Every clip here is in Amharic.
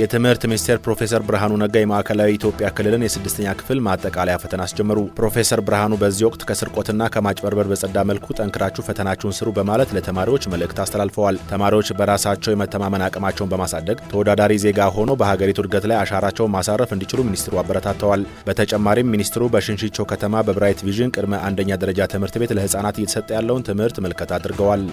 የትምህርት ሚኒስቴር ፕሮፌሰር ብርሃኑ ነጋ የማዕከላዊ ኢትዮጵያ ክልልን የስድስተኛ ክፍል ማጠቃለያ ፈተና አስጀመሩ። ፕሮፌሰር ብርሃኑ በዚህ ወቅት ከስርቆትና ከማጭበርበር በጸዳ መልኩ ጠንክራችሁ ፈተናችሁን ስሩ በማለት ለተማሪዎች መልእክት አስተላልፈዋል። ተማሪዎች በራሳቸው የመተማመን አቅማቸውን በማሳደግ ተወዳዳሪ ዜጋ ሆኖ በሀገሪቱ እድገት ላይ አሻራቸውን ማሳረፍ እንዲችሉ ሚኒስትሩ አበረታተዋል። በተጨማሪም ሚኒስትሩ በሽንሽቾ ከተማ በብራይት ቪዥን ቅድመ አንደኛ ደረጃ ትምህርት ቤት ለህፃናት እየተሰጠ ያለውን ትምህርት ምልከታ አድርገዋል።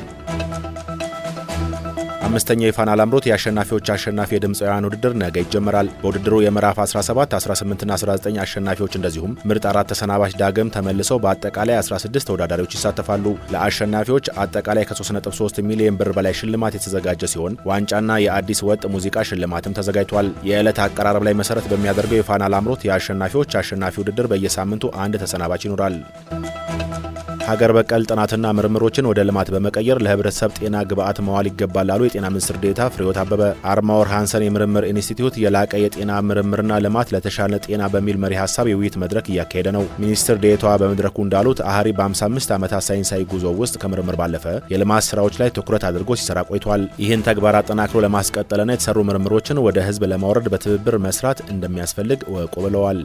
አምስተኛው የፋና ላምሮት የአሸናፊዎች አሸናፊ የድምፃውያን ውድድር ነገ ይጀምራል። በውድድሩ የምዕራፍ 17፣ 18ና 19 አሸናፊዎች እንደዚሁም ምርጥ አራት ተሰናባች ዳግም ተመልሰው በአጠቃላይ 16 ተወዳዳሪዎች ይሳተፋሉ። ለአሸናፊዎች አጠቃላይ ከ3.3 ሚሊዮን ብር በላይ ሽልማት የተዘጋጀ ሲሆን ዋንጫና የአዲስ ወጥ ሙዚቃ ሽልማትም ተዘጋጅቷል። የዕለት አቀራረብ ላይ መሰረት በሚያደርገው የፋና ላምሮት የአሸናፊዎች አሸናፊ ውድድር በየሳምንቱ አንድ ተሰናባች ይኖራል። ሀገር በቀል ጥናትና ምርምሮችን ወደ ልማት በመቀየር ለህብረተሰብ ጤና ግብዓት መዋል ይገባል ላሉ የጤና ሚኒስትር ዴታ ፍሬሕይወት አበበ አርማወር ሃንሰን የምርምር ኢንስቲትዩት የላቀ የጤና ምርምርና ልማት ለተሻለ ጤና በሚል መሪ ሀሳብ የውይይት መድረክ እያካሄደ ነው። ሚኒስትር ዴኤታዋ በመድረኩ እንዳሉት አህሪ በ55 ዓመታት ሳይንሳዊ ጉዞ ውስጥ ከምርምር ባለፈ የልማት ስራዎች ላይ ትኩረት አድርጎ ሲሰራ ቆይቷል። ይህን ተግባር አጠናክሮ ለማስቀጠልና የተሰሩ ምርምሮችን ወደ ህዝብ ለማውረድ በትብብር መስራት እንደሚያስፈልግ ወቁ ብለዋል።